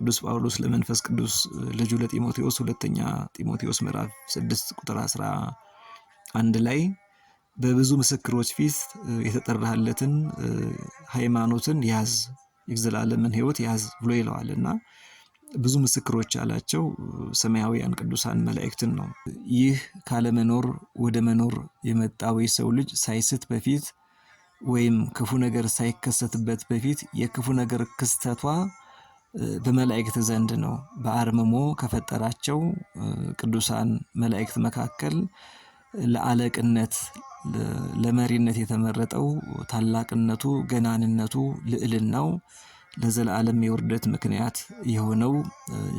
ቅዱስ ጳውሎስ ለመንፈስ ቅዱስ ልጁ ለጢሞቴዎስ ሁለተኛ ጢሞቴዎስ ምዕራፍ 6 ቁጥር 11 ላይ በብዙ ምስክሮች ፊት የተጠራህለትን ሃይማኖትን ያዝ የዘላለምን ህይወት ያዝ ብሎ ይለዋል እና ብዙ ምስክሮች ያላቸው ሰማያዊያን ቅዱሳን መላእክትን ነው። ይህ ካለመኖር ወደ መኖር የመጣው የሰው ልጅ ሳይስት በፊት ወይም ክፉ ነገር ሳይከሰትበት በፊት የክፉ ነገር ክስተቷ በመላእክት ዘንድ ነው። በአርምሞ ከፈጠራቸው ቅዱሳን መላእክት መካከል ለአለቅነት ለመሪነት የተመረጠው ታላቅነቱ፣ ገናንነቱ፣ ልዕልናው ለዘላለም የውርደት ምክንያት የሆነው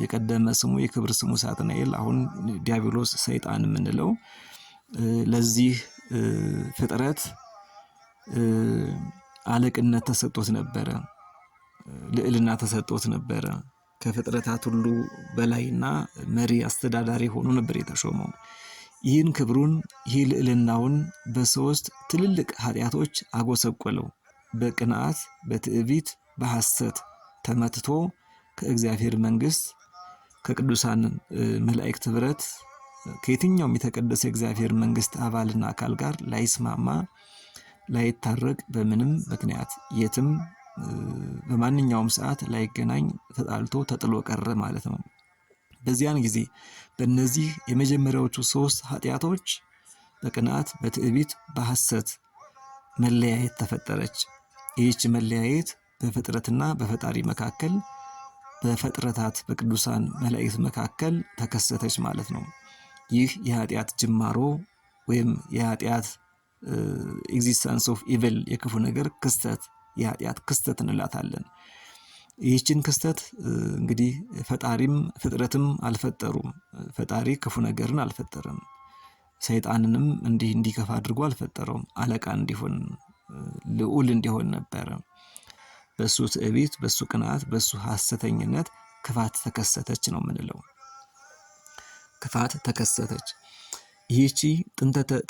የቀደመ ስሙ የክብር ስሙ ሳጥናኤል አሁን ዲያብሎስ ሰይጣን የምንለው ለዚህ ፍጥረት አለቅነት ተሰጥቶት ነበረ። ልዕልና ተሰጥቶት ነበረ። ከፍጥረታት ሁሉ በላይና መሪ አስተዳዳሪ ሆኖ ነበር የተሾመው። ይህን ክብሩን ይህ ልዕልናውን በሶስት ትልልቅ ኃጢአቶች አጎሰቆለው። በቅንዓት፣ በትዕቢት፣ በሐሰት ተመትቶ ከእግዚአብሔር መንግሥት ከቅዱሳን መላእክት ኅብረት ከየትኛውም የተቀደሰ እግዚአብሔር መንግሥት አባልና አካል ጋር ላይስማማ ላይታረቅ በምንም ምክንያት የትም በማንኛውም ሰዓት ላይገናኝ ተጣልቶ ተጥሎ ቀረ ማለት ነው። በዚያን ጊዜ በእነዚህ የመጀመሪያዎቹ ሶስት ኃጢአቶች በቅናት፣ በትዕቢት፣ በሐሰት መለያየት ተፈጠረች። ይህች መለያየት በፍጥረትና በፈጣሪ መካከል በፍጥረታት በቅዱሳን መላእክት መካከል ተከሰተች ማለት ነው። ይህ የኃጢአት ጅማሮ ወይም የኃጢአት ኤግዚስተንስ ኦፍ ኢቭል የክፉ ነገር ክስተት የኃጢአት ክስተት እንላታለን። ይህችን ክስተት እንግዲህ ፈጣሪም ፍጥረትም አልፈጠሩም። ፈጣሪ ክፉ ነገርን አልፈጠረም። ሰይጣንንም እንዲህ እንዲከፋ አድርጎ አልፈጠረውም። አለቃ እንዲሆን ልዑል እንዲሆን ነበረ። በሱ ትዕቢት፣ በሱ ቅናት፣ በሱ ሐሰተኝነት ክፋት ተከሰተች ነው የምንለው። ክፋት ተከሰተች። ይህቺ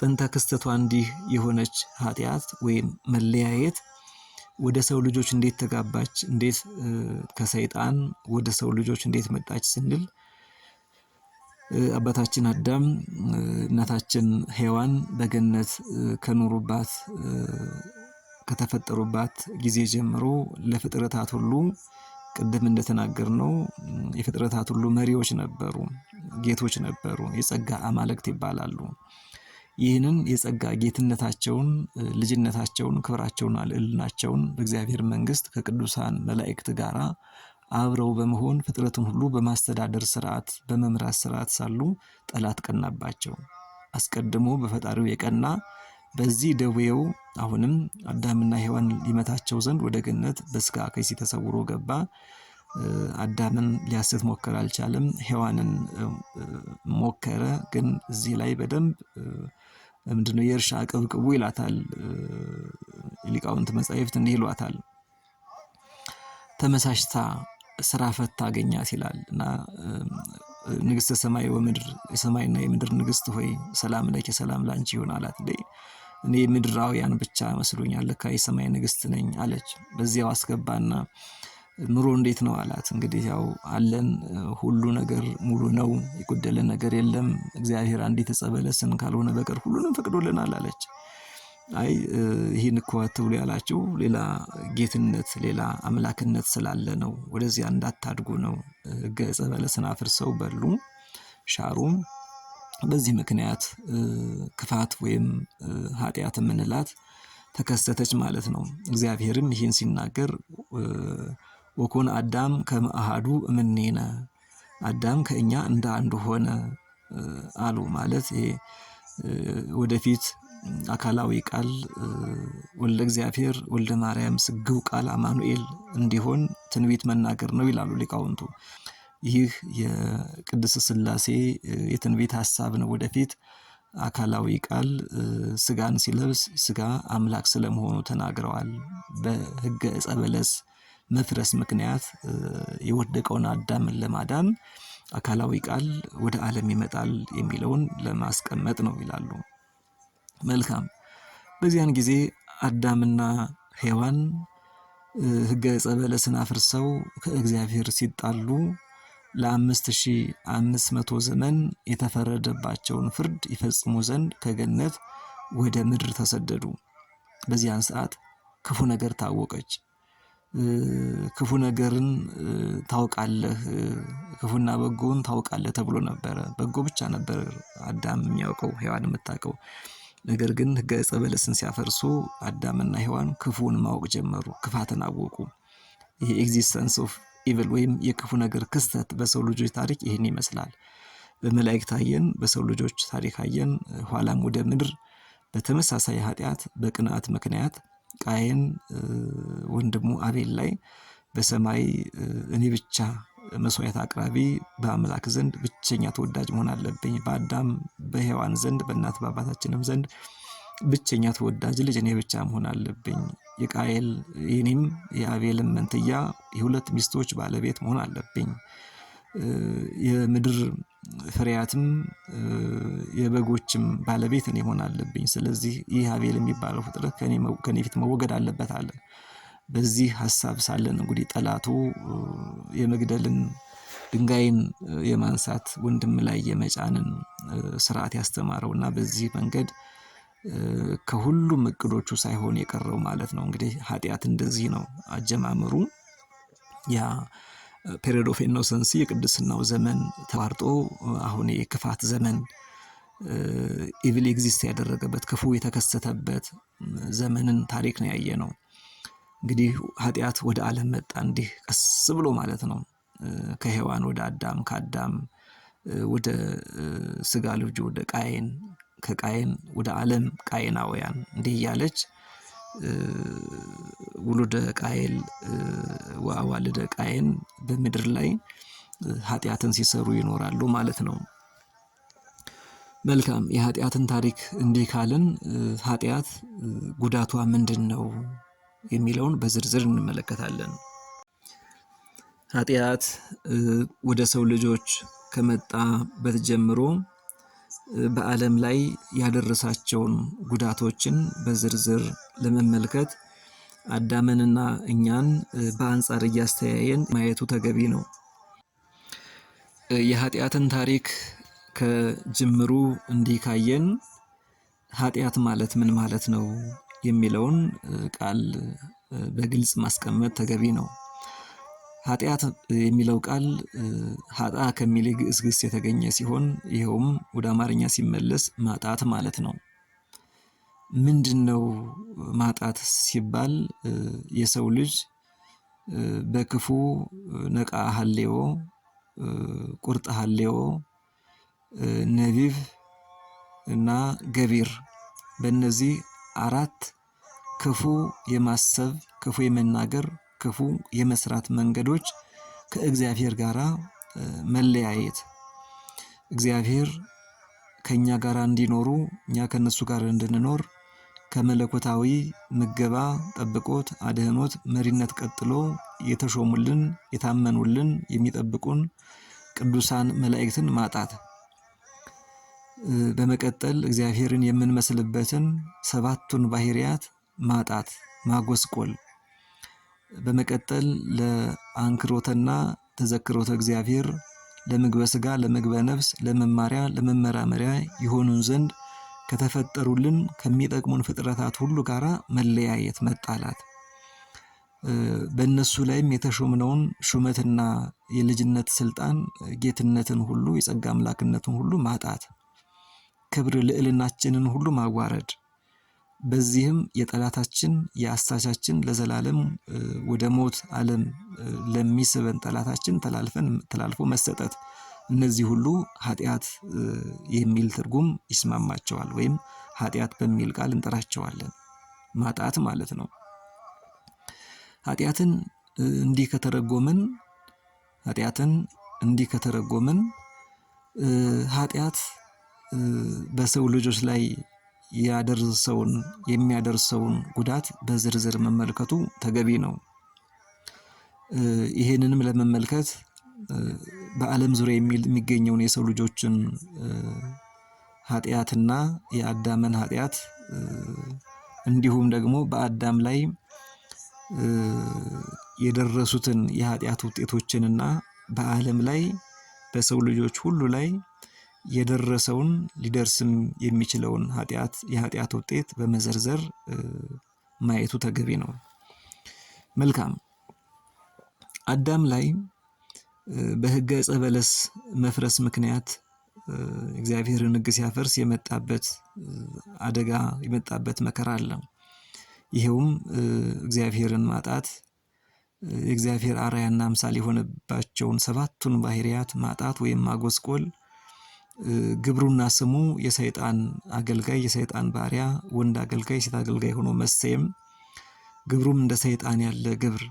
ጥንተ ክስተቷ እንዲህ የሆነች ኃጢአት ወይም መለያየት ወደ ሰው ልጆች እንዴት ተጋባች፣ እንዴት ከሰይጣን ወደ ሰው ልጆች እንዴት መጣች ስንል አባታችን አዳም እናታችን ሔዋን በገነት ከኖሩባት ከተፈጠሩባት ጊዜ ጀምሮ ለፍጥረታት ሁሉ ቅድም እንደተናገር ነው የፍጥረታት ሁሉ መሪዎች ነበሩ፣ ጌቶች ነበሩ፣ የጸጋ አማልክት ይባላሉ። ይህንን የጸጋ ጌትነታቸውን ልጅነታቸውን ክብራቸውን አልዕልናቸውን በእግዚአብሔር መንግስት ከቅዱሳን መላእክት ጋር አብረው በመሆን ፍጥረትን ሁሉ በማስተዳደር ስርዓት በመምራት ስርዓት ሳሉ ጠላት ቀናባቸው። አስቀድሞ በፈጣሪው የቀና በዚህ ደዌው አሁንም አዳምና ሔዋን ሊመታቸው ዘንድ ወደ ገነት በስጋ ከይሲ ተሰውሮ ገባ። አዳምን ሊያስት ሞከር አልቻለም። ሔዋንን ሞከረ፣ ግን እዚህ ላይ በደንብ ምንድነው የእርሻ ቅብቅቡ ይላታል። ሊቃውንት መጻሕፍት እንዲህ ይሏታል። ተመሳሽታ ስራ ፈታ አገኛት ይላል እና ንግስት ሰማይ ወምድር የሰማይና የምድር ንግስት ሆይ ሰላም ለኪ ሰላም ላንቺ ይሁን አላት። እኔ ምድራውያን ብቻ መስሎኛል ለካ የሰማይ ንግስት ነኝ አለች። በዚያው አስገባና ኑሮ እንዴት ነው አላት። እንግዲህ ያው አለን ሁሉ ነገር ሙሉ ነው፣ የጎደለን ነገር የለም። እግዚአብሔር አንዲት ዕፀ በለስን ካልሆነ በቀር ሁሉንም ፈቅዶልናል አለች። አይ ይህን እኮ አትብሉ ያላችሁ ሌላ ጌትነት፣ ሌላ አምላክነት ስላለ ነው፣ ወደዚያ እንዳታድጉ ነው። ሕገ ዕፀ በለስን አፍርሰው በሉ ሻሩም። በዚህ ምክንያት ክፋት ወይም ኃጢአት የምንላት ተከሰተች ማለት ነው። እግዚአብሔርም ይህን ሲናገር ወኮን አዳም ከመአሃዱ እምኔነ አዳም ከእኛ እንደ አንዱ ሆነ አሉ ማለት ይሄ ወደፊት አካላዊ ቃል ወልደ እግዚአብሔር ወልደ ማርያም ስግው ቃል አማኑኤል እንዲሆን ትንቢት መናገር ነው ይላሉ ሊቃውንቱ። ይህ የቅዱስ ስላሴ የትንቢት ሀሳብ ነው። ወደፊት አካላዊ ቃል ስጋን ሲለብስ ስጋ አምላክ ስለመሆኑ ተናግረዋል። በህገ እጸ በለስ መፍረስ ምክንያት የወደቀውን አዳምን ለማዳን አካላዊ ቃል ወደ ዓለም ይመጣል የሚለውን ለማስቀመጥ ነው ይላሉ። መልካም። በዚያን ጊዜ አዳምና ሔዋን ሕገ ዕፀ በለስን አፍርሰው ከእግዚአብሔር ሲጣሉ ለአምስት ሺህ አምስት መቶ ዘመን የተፈረደባቸውን ፍርድ ይፈጽሙ ዘንድ ከገነት ወደ ምድር ተሰደዱ። በዚያን ሰዓት ክፉ ነገር ታወቀች። ክፉ ነገርን ታውቃለህ ክፉና በጎን ታውቃለህ ተብሎ ነበረ በጎ ብቻ ነበር አዳም የሚያውቀው ሔዋን የምታውቀው ነገር ግን ህገ በለስን ሲያፈርሱ አዳምና ሔዋን ክፉን ማወቅ ጀመሩ ክፋትን አወቁ። ይሄ ኤግዚስተንስ ኦፍ ኢቭል ወይም የክፉ ነገር ክስተት በሰው ልጆች ታሪክ ይህን ይመስላል። በመላእክት አየን በሰው ልጆች ታሪክ አየን ኋላም ወደ ምድር በተመሳሳይ ኃጢአት በቅንዓት ምክንያት ቃየን ወንድሙ አቤል ላይ በሰማይ እኔ ብቻ መስዋዕት አቅራቢ በአምላክ ዘንድ ብቸኛ ተወዳጅ መሆን አለብኝ፣ በአዳም በሔዋን ዘንድ በእናት በአባታችንም ዘንድ ብቸኛ ተወዳጅ ልጅ እኔ ብቻ መሆን አለብኝ። የቃየል የኔም የአቤልም መንትያ የሁለት ሚስቶች ባለቤት መሆን አለብኝ። የምድር ፍሬያትም የበጎችም ባለቤት እኔ መሆን አለብኝ። ስለዚህ ይህ አቤል የሚባለው ፍጥረት ከኔ ፊት መወገድ አለበት አለ። በዚህ ሀሳብ ሳለን እንግዲህ ጠላቱ የመግደልን ድንጋይን የማንሳት ወንድም ላይ የመጫንን ስርዓት ያስተማረው እና በዚህ መንገድ ከሁሉም እቅዶቹ ሳይሆን የቀረው ማለት ነው። እንግዲህ ኃጢአት እንደዚህ ነው አጀማመሩ ያ ፔሪዮድ ኦፍ ኢኖሰንሲ የቅድስናው ዘመን ተቋርጦ አሁን የክፋት ዘመን ኢቪል ኤግዚስት ያደረገበት ክፉ የተከሰተበት ዘመንን ታሪክ ነው ያየ ነው። እንግዲህ ኃጢአት ወደ ዓለም መጣ እንዲህ ቀስ ብሎ ማለት ነው። ከሔዋን ወደ አዳም፣ ከአዳም ወደ ስጋ ልጁ ወደ ቃየን፣ ከቃየን ወደ ዓለም ቃየናውያን እንዲህ እያለች ውሉደ ቃየል ወአዋልደ ቃየን በምድር ላይ ኃጢአትን ሲሰሩ ይኖራሉ ማለት ነው። መልካም የኃጢአትን ታሪክ እንዲህ ካልን ኃጢአት ጉዳቷ ምንድን ነው የሚለውን በዝርዝር እንመለከታለን። ኃጢአት ወደ ሰው ልጆች ከመጣበት ጀምሮ በዓለም ላይ ያደረሳቸውን ጉዳቶችን በዝርዝር ለመመልከት አዳምንና እኛን በአንጻር እያስተያየን ማየቱ ተገቢ ነው። የኃጢአትን ታሪክ ከጅምሩ እንዲህ ካየን ኃጢአት ማለት ምን ማለት ነው የሚለውን ቃል በግልጽ ማስቀመጥ ተገቢ ነው። ኃጢአት የሚለው ቃል ሀጣ ከሚል የግዕዝ ግስ የተገኘ ሲሆን ይኸውም ወደ አማርኛ ሲመለስ ማጣት ማለት ነው። ምንድን ነው ማጣት ሲባል የሰው ልጅ በክፉ ነቃ ሀሌዎ፣ ቁርጥ ሀሌዎ፣ ነቢብ እና ገቢር በእነዚህ አራት ክፉ የማሰብ ክፉ የመናገር ክፉ የመስራት መንገዶች ከእግዚአብሔር ጋር መለያየት፣ እግዚአብሔር ከእኛ ጋር እንዲኖሩ እኛ ከእነሱ ጋር እንድንኖር ከመለኮታዊ ምገባ ጠብቆት አድህኖት መሪነት ቀጥሎ የተሾሙልን የታመኑልን የሚጠብቁን ቅዱሳን መላእክትን ማጣት በመቀጠል እግዚአብሔርን የምንመስልበትን ሰባቱን ባህሪያት ማጣት ማጎስቆል በመቀጠል ለአንክሮተና ተዘክሮተ እግዚአብሔር ለምግበ ሥጋ ለምግበ ነፍስ ለመማሪያ ለመመራመሪያ ይሆኑን ዘንድ ከተፈጠሩልን ከሚጠቅሙን ፍጥረታት ሁሉ ጋር መለያየት መጣላት በእነሱ ላይም የተሾምነውን ሹመትና የልጅነት ስልጣን ጌትነትን ሁሉ የጸጋ አምላክነትን ሁሉ ማጣት ክብር ልዕልናችንን ሁሉ ማዋረድ በዚህም የጠላታችን የአሳቻችን ለዘላለም ወደ ሞት አለም ለሚስበን ጠላታችን ተላልፈን ተላልፎ መሰጠት እነዚህ ሁሉ ኃጢአት የሚል ትርጉም ይስማማቸዋል፣ ወይም ኃጢአት በሚል ቃል እንጠራቸዋለን። ማጣት ማለት ነው። ኃጢአትን እንዲህ ከተረጎምን ኃጢአትን እንዲህ ከተረጎምን ኃጢአት በሰው ልጆች ላይ ያደርሰውን የሚያደርሰውን ጉዳት በዝርዝር መመልከቱ ተገቢ ነው። ይህንንም ለመመልከት በዓለም ዙሪያ የሚገኘውን የሰው ልጆችን ኃጢአትና የአዳምን ኃጢአት እንዲሁም ደግሞ በአዳም ላይ የደረሱትን የኃጢአት ውጤቶችንና በዓለም ላይ በሰው ልጆች ሁሉ ላይ የደረሰውን ሊደርስም የሚችለውን ኃጢአት የኃጢአት ውጤት በመዘርዘር ማየቱ ተገቢ ነው። መልካም አዳም ላይ በህገ ዕፀ በለስ መፍረስ ምክንያት እግዚአብሔርን ህግ ሲያፈርስ የመጣበት አደጋ የመጣበት መከራ አለ። ይሄውም እግዚአብሔርን ማጣት የእግዚአብሔር አርአያና ምሳሌ የሆነባቸውን ሰባቱን ባህሪያት ማጣት ወይም ማጎስቆል ግብሩና ስሙ የሰይጣን አገልጋይ የሰይጣን ባሪያ ወንድ አገልጋይ ሴት አገልጋይ ሆኖ መሰየም ግብሩም እንደ ሰይጣን ያለ ግብር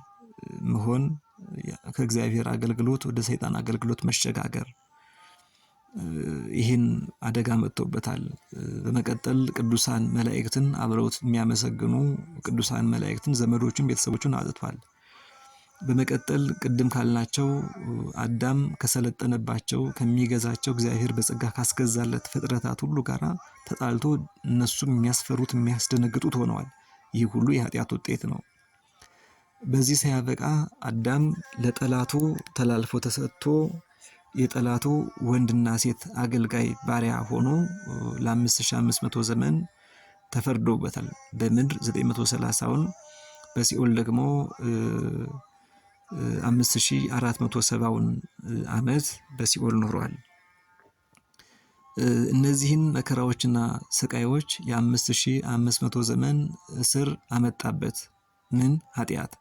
መሆን ከእግዚአብሔር አገልግሎት ወደ ሰይጣን አገልግሎት መሸጋገር ይህን አደጋ መጥቶበታል። በመቀጠል ቅዱሳን መላእክትን አብረውት የሚያመሰግኑ ቅዱሳን መላእክትን ዘመዶቹን ቤተሰቦቹን አጥቷል። በመቀጠል ቅድም ካልናቸው አዳም ከሰለጠነባቸው ከሚገዛቸው እግዚአብሔር በጸጋ ካስገዛለት ፍጥረታት ሁሉ ጋር ተጣልቶ እነሱም የሚያስፈሩት የሚያስደነግጡት ሆነዋል። ይህ ሁሉ የኃጢአት ውጤት ነው። በዚህ ሳያበቃ አዳም ለጠላቱ ተላልፎ ተሰጥቶ የጠላቱ ወንድና ሴት አገልጋይ ባሪያ ሆኖ ለ5500 ዘመን ተፈርዶበታል። በምድር 930ውን በሲኦል ደግሞ አምስት ሺ አራት መቶ ሰባውን ዓመት በሲኦል ኖሯል። እነዚህን መከራዎችና ስቃዮች የአምስት ሺ አምስት መቶ ዘመን እስር አመጣበት። ምን ኃጢአት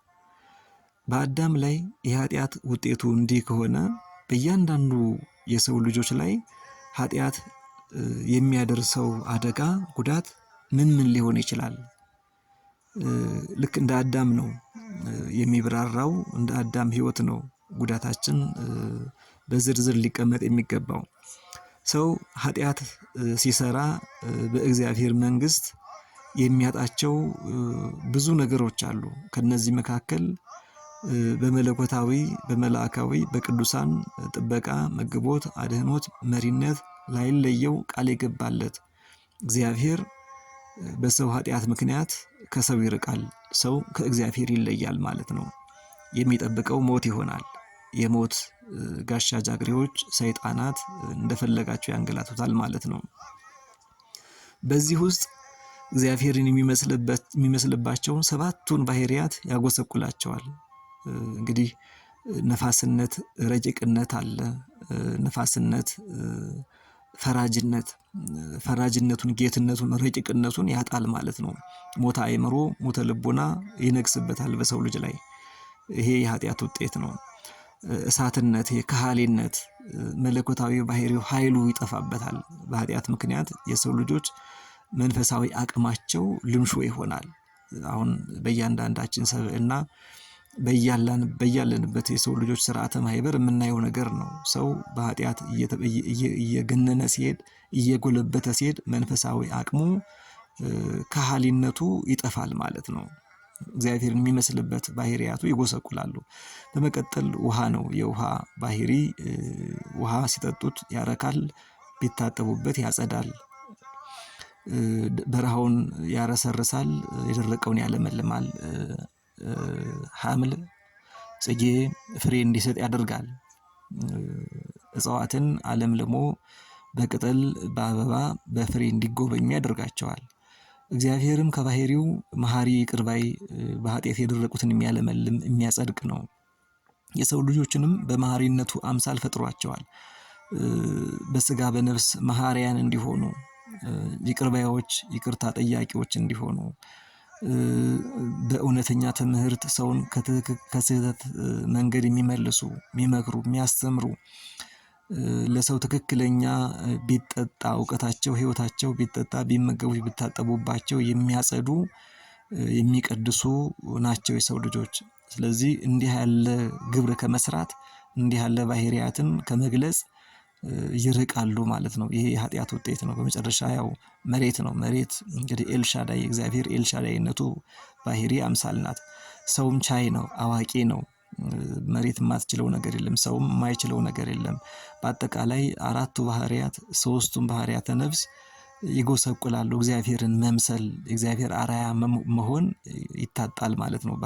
በአዳም ላይ የኃጢአት ውጤቱ እንዲህ ከሆነ በእያንዳንዱ የሰው ልጆች ላይ ኃጢአት የሚያደርሰው አደጋ ጉዳት ምን ምን ሊሆን ይችላል? ልክ እንደ አዳም ነው የሚብራራው እንደ አዳም ህይወት ነው ጉዳታችን በዝርዝር ሊቀመጥ የሚገባው። ሰው ኃጢአት ሲሰራ በእግዚአብሔር መንግስት የሚያጣቸው ብዙ ነገሮች አሉ። ከነዚህ መካከል በመለኮታዊ በመላእካዊ በቅዱሳን ጥበቃ መግቦት አድህኖት መሪነት ላይለየው ቃል የገባለት እግዚአብሔር በሰው ኃጢአት ምክንያት ከሰው ይርቃል። ሰው ከእግዚአብሔር ይለያል ማለት ነው። የሚጠብቀው ሞት ይሆናል። የሞት ጋሻ ጃግሬዎች ሰይጣናት እንደፈለጋቸው ያንገላቱታል ማለት ነው። በዚህ ውስጥ እግዚአብሔርን የሚመስልባቸውን ሰባቱን ባህሪያት ያጎሰቁላቸዋል። እንግዲህ ነፋስነት፣ ረቂቅነት አለ ነፋስነት ፈራጅነት ፈራጅነቱን ጌትነቱን ረቂቅነቱን ያጣል ማለት ነው። ሞተ አእምሮ፣ ሞተ ልቡና ይነግስበታል በሰው ልጅ ላይ። ይሄ የኃጢአት ውጤት ነው። እሳትነት፣ የካህሊነት መለኮታዊ ባህሪው ኃይሉ ይጠፋበታል። በኃጢአት ምክንያት የሰው ልጆች መንፈሳዊ አቅማቸው ልምሾ ይሆናል። አሁን በእያንዳንዳችን ሰብዕና በያለንበት የሰው ልጆች ስርዓተ ማህበር የምናየው ነገር ነው። ሰው በኃጢአት እየገነነ ሲሄድ፣ እየጎለበተ ሲሄድ መንፈሳዊ አቅሙ ከሃሊነቱ ይጠፋል ማለት ነው። እግዚአብሔርን የሚመስልበት ባህሪያቱ ይጎሰቁላሉ። በመቀጠል ውሃ ነው። የውሃ ባህሪ ውሃ ሲጠጡት ያረካል፣ ቢታጠቡበት ያጸዳል፣ በረሃውን ያረሰርሳል፣ የደረቀውን ያለመልማል። ሐምል ጽጌ ፍሬ እንዲሰጥ ያደርጋል። እጽዋትን አለምልሞ በቅጠል በአበባ በፍሬ እንዲጎበኙ ያደርጋቸዋል። እግዚአብሔርም ከባህሪው መሐሪ ቅርባይ በኃጢአት የደረቁትን የሚያለመልም የሚያጸድቅ ነው። የሰው ልጆችንም በመሐሪነቱ አምሳል ፈጥሯቸዋል። በስጋ በነፍስ መሐሪያን እንዲሆኑ፣ ይቅርባያዎች፣ ይቅርታ ጠያቂዎች እንዲሆኑ በእውነተኛ ትምህርት ሰውን ከስህተት መንገድ የሚመልሱ የሚመክሩ የሚያስተምሩ ለሰው ትክክለኛ ቢጠጣ እውቀታቸው ህይወታቸው ቢጠጣ ቢመገቡ ቢታጠቡባቸው የሚያጸዱ የሚቀድሱ ናቸው የሰው ልጆች። ስለዚህ እንዲህ ያለ ግብር ከመስራት እንዲህ ያለ ባህሪያትን ከመግለጽ ይርቃሉ ማለት ነው። ይሄ የኃጢአት ውጤት ነው። በመጨረሻ ያው መሬት ነው። መሬት እንግዲህ ኤልሻዳይ እግዚአብሔር ኤልሻዳይነቱ ባህሪ አምሳል ናት። ሰውም ቻይ ነው፣ አዋቂ ነው። መሬት የማትችለው ነገር የለም፣ ሰውም የማይችለው ነገር የለም። በአጠቃላይ አራቱ ባህርያት ሶስቱም ባህርያተ ነፍስ ይጎሰቁላሉ። እግዚአብሔርን መምሰል፣ እግዚአብሔር አራያ መሆን ይታጣል ማለት ነው።